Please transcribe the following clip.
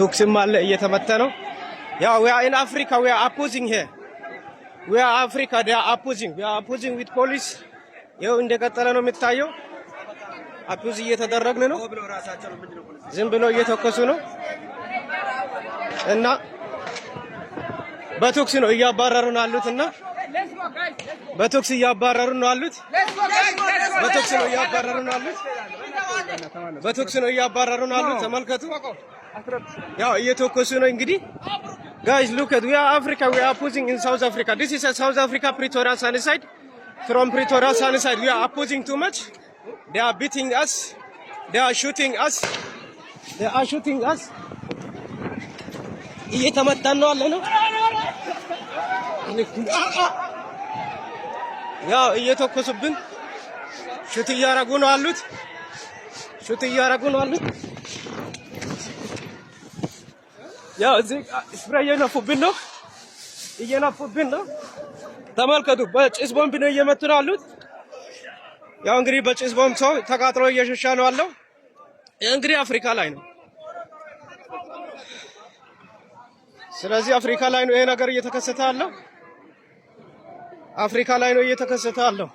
ቶክስም አለ እየተመተ ነው። ያ ዊ አር ኢን አፍሪካ ዊ አር አፖዚንግ ሄር ዊ አር አፍሪካ ዲ አር አፖዚንግ ዊ አር አፖዚንግ ዊዝ ፖሊስ። ይኸው እንደቀጠለ ነው የሚታየው። አፖዝ እየተደረግን ነው። ዝም ብሎ እየተኮሱ ነው እና በቶክስ ነው እያባረሩ ነው አሉት እና በቶክስ እያባረሩ ነው አሉት። በቶክስ ነው እያባረሩ ነው አሉት። በቶክስ ነው እያባረሩ ነው አሉት። ተመልከቱ። ያው እየተኮሱ ነው እንግዲህ ጋይስ ሉክ አት ዊ አር አፍሪካ ዊ አር ኦፖዚንግ ኢን ሳውዝ አፍሪካ ዲስ ኢዝ ሳውዝ አፍሪካ ፕሪቶሪያ ሳንሳይድ ፍሮም ፕሪቶሪያ ሳንሳይድ ዊ አር ኦፖዚንግ ቱ ማች ዴይ አር ቢቲንግ አስ ዴይ አር ሹቲንግ አስ ዴይ አር ሹቲንግ አስ እየተመታን ነው አለ ነው ያው እየተኮሱብን ሹት እያረጉ ነው አሉት ሹት እያረጉ ነው አሉት ያው እዚህ ስፍራ እየነፉብን ነው፣ እየነፉብን ነው። ተመልከቱ፣ በጭስ ቦምብ ነው እየመቱ ነው ያሉት። ያው እንግዲህ በጭስ ቦምብ ሰው ተቃጥሎ እየሸሻ ነው ያለው። እንግዲህ አፍሪካ ላይ ነው። ስለዚህ አፍሪካ ላይ ነው ይሄ ነገር እየተከሰተ ያለው። አፍሪካ ላይ ነው እየተከሰተ ያለው።